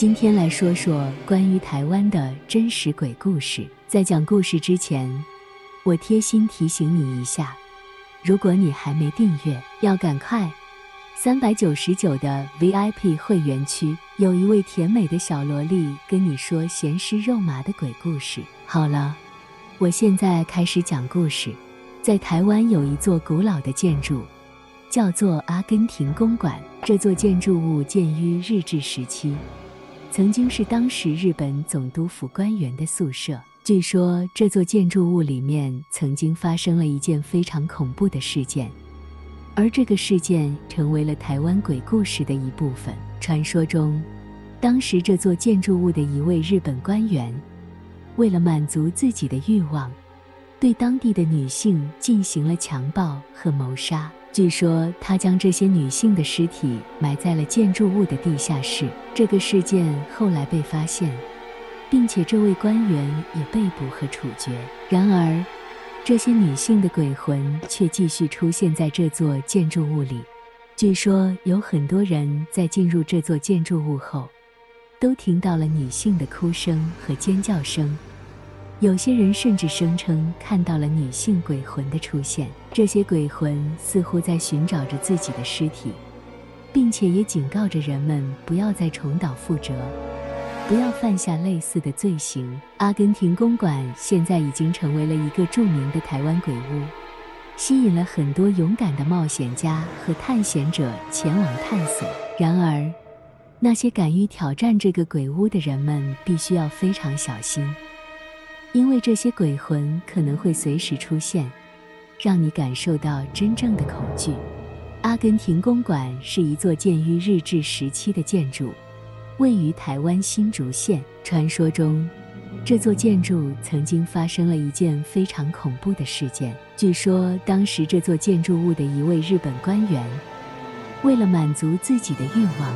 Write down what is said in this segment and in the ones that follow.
今天來說說關於台灣的真實鬼故事。在講故事之前，我貼心提醒你一下：如果你還沒訂閱，要趕快！三百九十九的 VIP 會員區有一位甜美的小蘿莉跟你說鹹濕肉麻的鬼故事。好了，我現在開始講故事。在台灣有一座古老的建築，叫做阿根廷公館。這座建築物建於日治時期。曾經是當時日本總督府官員的宿舍。據說這座建築物裡面曾經發生了一件非常恐怖的事件，而這個事件成為了台灣鬼故事的一部分。傳說中，當時這座建築物的一位日本官員，為了滿足自己的欲望，對當地的女性進行了強暴和謀殺。據說他將這些女性的屍體埋在了建築物的地下室。這個事件後來被發現，並且這位官員也被捕和處決。然而，這些女性的鬼魂卻繼續出現在這座建築物裡。據說有很多人在進入這座建築物後，都聽到了女性的哭聲和尖叫聲。有些人甚至聲稱看到了女性鬼魂的出現，這些鬼魂似乎在尋找着自己的屍體，並且也警告着人們不要再重蹈覆轍，不要犯下類似的罪行。阿根廷公館現在已經成為了一個著名的台灣鬼屋，吸引了很多勇敢的冒險家和探險者前往探索。然而，那些敢於挑戰這個鬼屋的人們必須要非常小心。因為這些鬼魂可能會隨時出現，讓你感受到真正的恐懼。阿根廷公館是一座建於日治時期的建築，位於台灣新竹縣。傳說中，這座建築曾經發生了一件非常恐怖的事件。據說，當時這座建築物的一位日本官員，為了滿足自己的欲望，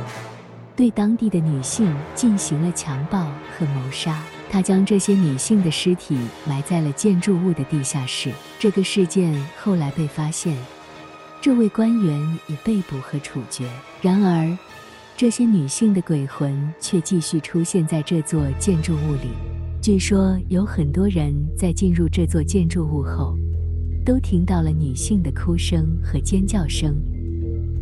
對當地的女性進行了強暴和謀殺。他將這些女性的屍體埋在了建築物的地下室。這個事件後來被發現，這位官員已被捕和處決。然而，這些女性的鬼魂卻繼續出現在這座建築物裡。據說有很多人在進入這座建築物後，都聽到了女性的哭聲和尖叫聲。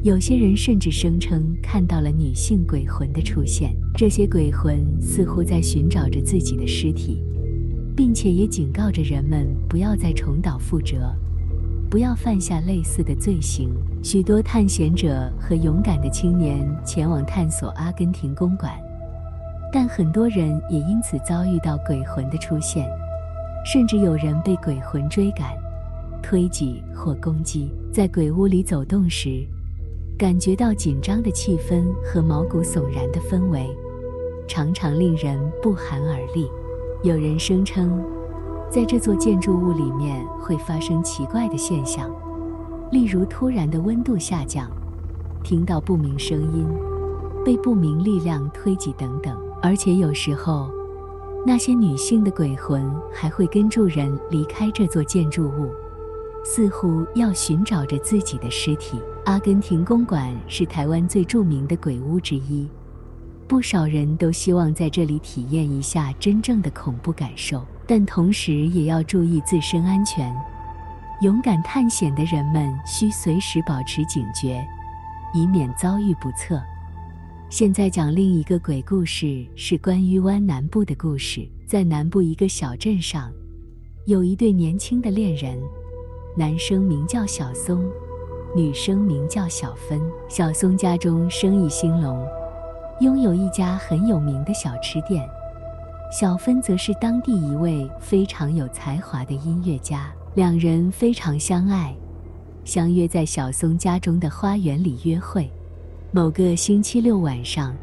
有些人甚至聲稱看到了女性鬼魂的出現，這些鬼魂似乎在尋找着自己的屍體，並且也警告着人們不要再重蹈覆轍，不要犯下類似的罪行。許多探險者和勇敢的青年前往探索阿根廷公館，但很多人也因此遭遇到鬼魂的出現，甚至有人被鬼魂追趕、推擠或攻擊。在鬼屋裡走動時，感覺到緊張的氣氛和毛骨悚然的氛圍，常常令人不寒而慄。有人聲稱，在這座建築物裡面會發生奇怪的現象，例如突然的溫度下降、聽到不明聲音、被不明力量推擠等等。而且有時候，那些女性的鬼魂還會跟著人離開這座建築物，似乎要尋找着自己的屍體。阿根廷公館是台灣最著名的鬼屋之一，不少人都希望在這裡體驗一下真正的恐怖感受，但同時也要注意自身安全。勇敢探險的人們需隨時保持警覺，以免遭遇不測。現在講另一個鬼故事，是關於灣南部的故事。在南部一個小鎮上，有一對年輕的戀人，男生名叫小松。女生名叫小芬，小松家中生意興隆，擁有一家很有名的小吃店。小芬則是當地一位非常有才華的音樂家，兩人非常相愛，相約在小松家中的花園裡約會。某個星期六晚上，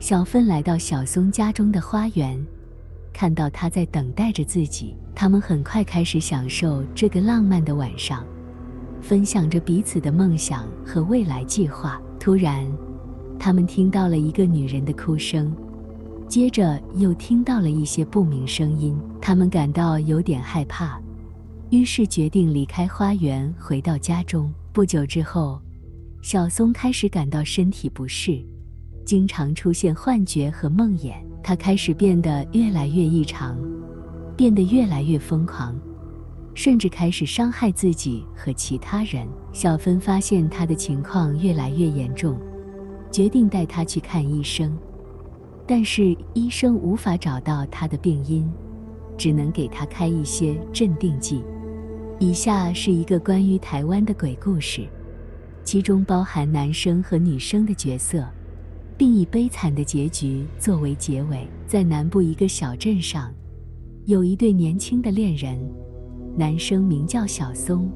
小芬來到小松家中的花園，看到他在等待着自己。他們很快開始享受這個浪漫的晚上。分享着彼此的夢想和未來計劃。突然，他們聽到了一個女人的哭聲，接着又聽到了一些不明聲音。他們感到有點害怕，於是決定離開花園回到家中。不久之後，小松開始感到身體不適，經常出現幻覺和夢魘。他開始變得越來越異常，變得越來越瘋狂。甚至開始傷害自己和其他人。小芬發現他的情況越來越嚴重，決定帶他去看醫生。但是醫生無法找到他的病因，只能給他開一些鎮定劑。以下是一個關於台灣的鬼故事，其中包含男生和女生的角色，並以悲慘的結局作為結尾。在南部一個小鎮上，有一對年輕的戀人。男生名叫小松，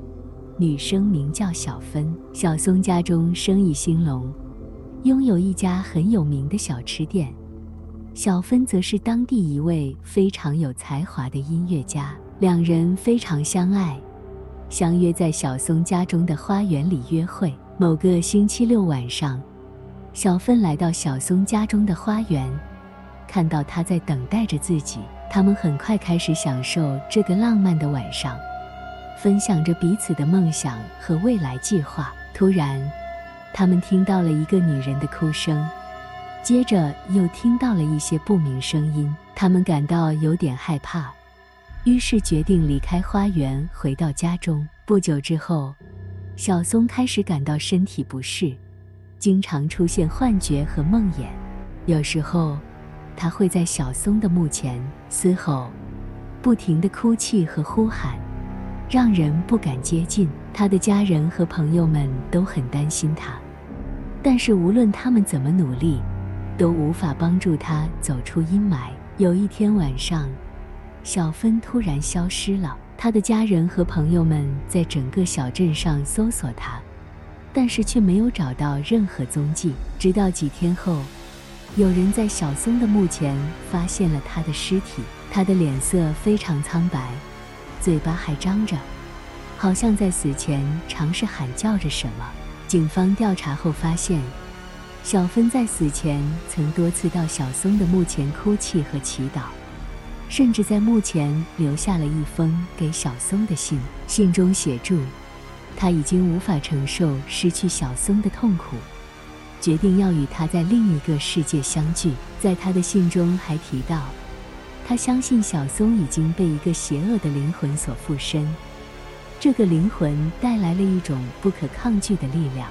女生名叫小芬。小松家中生意興隆，擁有一家很有名的小吃店。小芬則是當地一位非常有才華的音樂家，兩人非常相愛，相約在小松家中的花園裡約會。某個星期六晚上，小芬來到小松家中的花園，看到他在等待着自己。他們很快開始享受這個浪漫的晚上，分享着彼此的夢想和未來計劃。突然，他們聽到了一個女人的哭聲，接着又聽到了一些不明聲音。他們感到有點害怕，於是決定離開花園，回到家中。不久之後，小松開始感到身體不適，經常出現幻覺和夢魘，有時候。他會在小松的墓前嘶吼，不停地哭泣和呼喊，讓人不敢接近。他的家人和朋友們都很擔心他，但是無論他們怎麼努力，都無法幫助他走出陰霾。有一天晚上，小芬突然消失了，他的家人和朋友們在整個小鎮上搜索他，但是卻沒有找到任何蹤跡。直到幾天後。有人在小松的墓前發現了他的屍體，他的臉色非常蒼白，嘴巴還張着，好像在死前嘗試喊叫着什麼。警方調查後發現，小芬在死前曾多次到小松的墓前哭泣和祈禱，甚至在墓前留下了一封給小松的信，信中寫著，他已經無法承受失去小松的痛苦。”決定要與他在另一個世界相聚。在他的信中還提到，他相信小松已經被一個邪惡的靈魂所附身，這個靈魂帶來了一種不可抗拒的力量，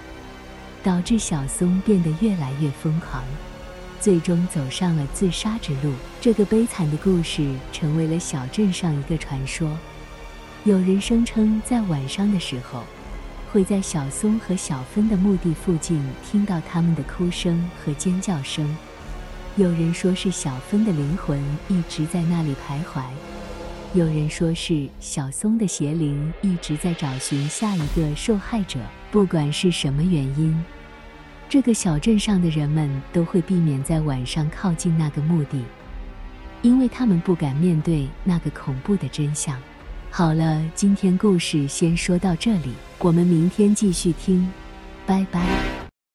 導致小松變得越來越瘋狂，最終走上了自殺之路。這個悲慘的故事成為了小鎮上一個傳說。有人聲稱，在晚上的時候，會在小松和小芬的墓地附近聽到他們的哭聲和尖叫聲。有人說是小芬的靈魂一直在那裡徘徊，有人說是小松的邪靈一直在找尋下一個受害者。不管是什麼原因，這個小鎮上的人們都會避免在晚上靠近那個墓地，因為他們不敢面對那個恐怖的真相。好了，今天故事先說到這裡，我們明天繼續聽，拜拜。